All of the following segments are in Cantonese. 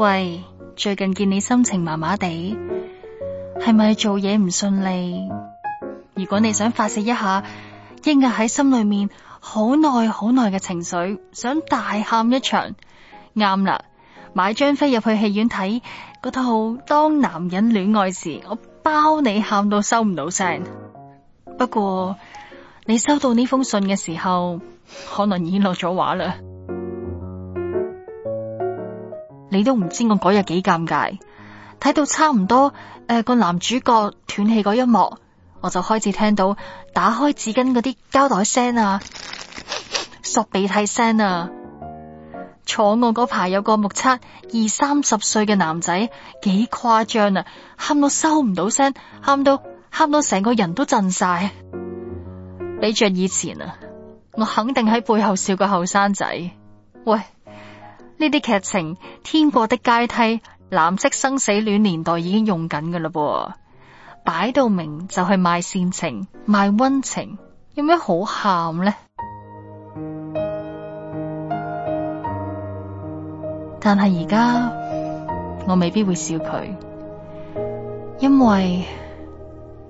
喂，最近見你心情麻麻地，係咪做嘢唔順利？如果你想發洩一下，積壓喺心裏面好耐好耐嘅情緒，想大喊一場，啱啦，買張飛入去戲院睇嗰套《當男人戀愛時》，我包你喊到收唔到聲。不過你收到呢封信嘅時候，可能已落咗畫啦。你都唔知我嗰日幾尷尬，睇到差唔多誒個、呃、男主角斷氣嗰一幕，我就開始聽到打開紙巾嗰啲膠袋聲啊，索鼻涕聲啊。坐我嗰排有個目測二三十歲嘅男仔，幾誇張啊，喊到收唔到聲，喊到喊到成個人都震晒。比着以前啊，我肯定喺背後笑個後生仔。喂！呢啲劇情，天國的階梯，藍色生死戀年代已經用緊噶啦喎，擺到明就係賣煽情，賣溫情，有咩好喊呢？ 但係而家我未必會笑佢，因為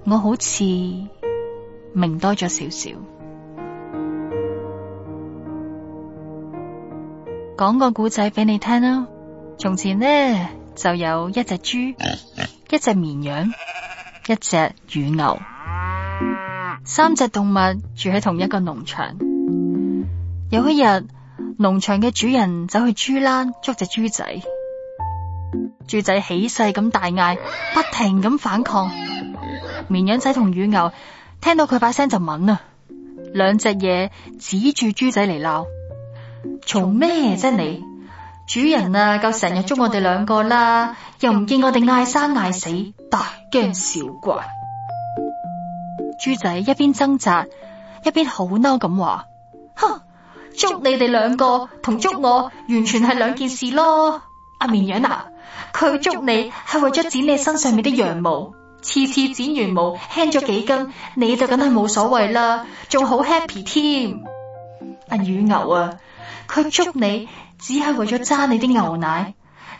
我好似明多咗少少。講個故仔俾你聽啦。從前呢，就有一隻豬、一隻綿羊、一隻乳牛，三隻動物住喺同一個農場。有一日，農場嘅主人走去豬欄捉隻豬仔，豬仔起勢咁大嗌，不停咁反抗。綿羊仔同乳牛聽到佢把聲就敏啊，兩隻嘢指住豬仔嚟鬧。做咩啫你主人啊，夠成日捉我哋兩個啦，又唔見我哋嗌生嗌死，大驚小怪。豬仔一邊掙扎，一邊好嬲咁話：哼，捉你哋兩個同捉我，完全係兩件事咯。阿綿羊啊，佢捉你係為咗剪你身上面啲羊毛，次次剪完毛輕咗幾斤，你就梗係冇所謂啦，仲好 happy 添。阿、啊、乳牛啊！佢捉你只係為咗揸你啲牛奶，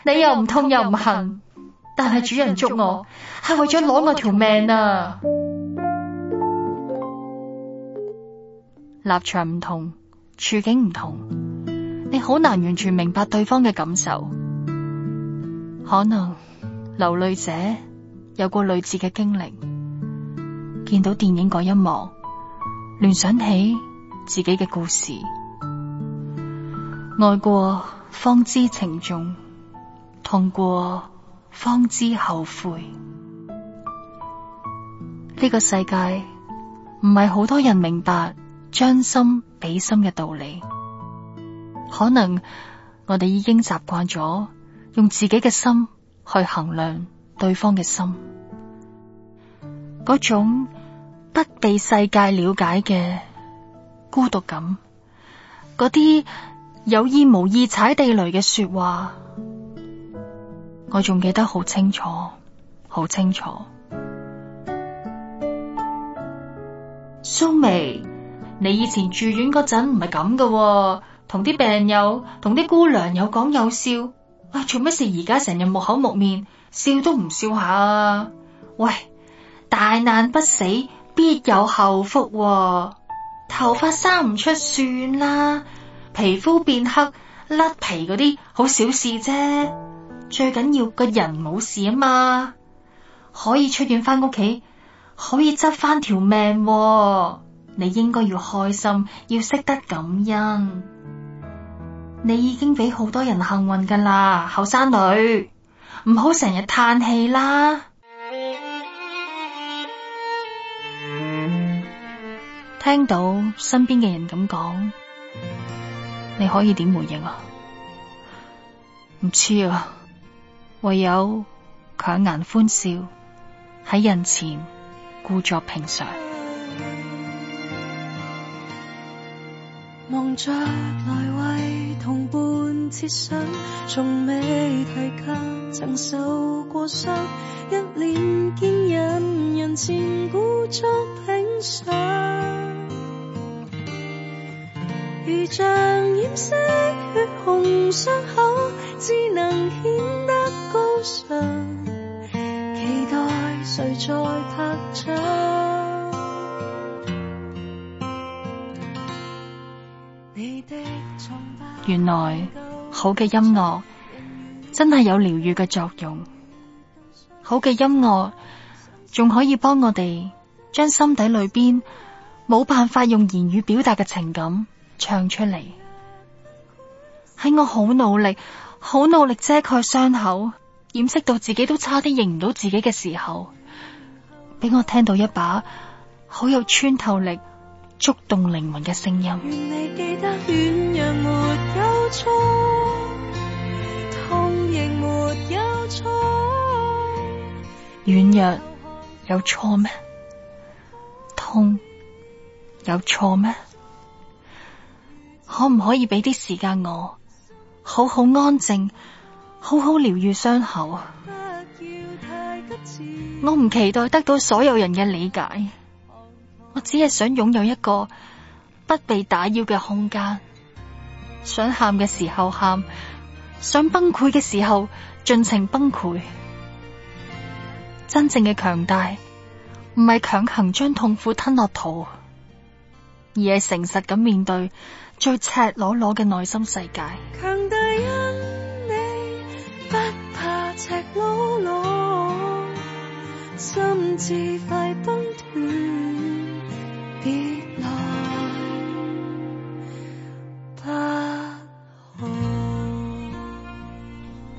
你又唔痛又唔恨。但係主人捉我係為咗攞我條命啊！立場唔同，處境唔同，你好難完全明白對方嘅感受。可能流淚者有過類似嘅經歷，見到電影嗰一幕，聯想起自己嘅故事。愛過方知情重，痛過方知後悔。呢個世界唔係好多人明白將心比心嘅道理，可能我哋已經習慣咗用自己嘅心去衡量對方嘅心，嗰種不被世界了解嘅孤獨感，嗰啲。有意無意踩地雷嘅說話，我仲記得好清楚，好清楚。蘇眉， 你以前住院嗰陣唔係咁噶喎，同啲病友、同啲姑娘有講有笑。喂、哎，做乜事而家成日木口木面，笑都唔笑下啊？喂，大難不死，必有後福，哦。頭髮生唔出算，算啦。皮膚變黑，甩皮嗰啲好小事啫，最緊要個人冇事啊嘛，可以出院翻屋企，可以執翻條命啊，你應該要開心，要識得感恩。你已經俾好多人幸運噶啦，後生女唔好成日嘆氣啦。聽到身邊嘅人咁講。你可以點回應啊？唔知啊，唯有強顏歡笑，喺人前故作平常。望着來為同伴設想，從未提及曾受過傷，一臉堅忍，人前故作平常。如像染色血紅傷口，只能顯得高尚。期待誰再拍掌？原來好嘅音樂真係有療愈嘅作用，好嘅音樂仲可以幫我哋將心底裏邊冇辦法用言語表達嘅情感。唱出嚟，喺我好努力、好努力遮蓋傷口、掩飾到自己都差啲認唔到自己嘅時候，俾我聽到一把好有穿透力、觸動靈魂嘅聲音。原來記得軟弱沒有錯，痛也沒有錯。軟弱有錯咩？痛有錯咩？可唔可以俾啲時間我，好好安靜，好好療愈傷口？我唔期待得到所有人嘅理解，我只係想擁有一個不被打擾嘅空間，想喊嘅時候喊，想崩潰嘅時候盡情崩潰。真正嘅強大，唔係強行將痛苦吞落肚。而係誠實咁面對最赤裸裸嘅內心世界。強大因你不怕赤裸裸，甚至快崩斷，別來不可。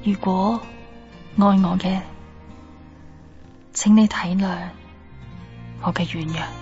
如果愛我嘅，請你體諒我嘅軟弱。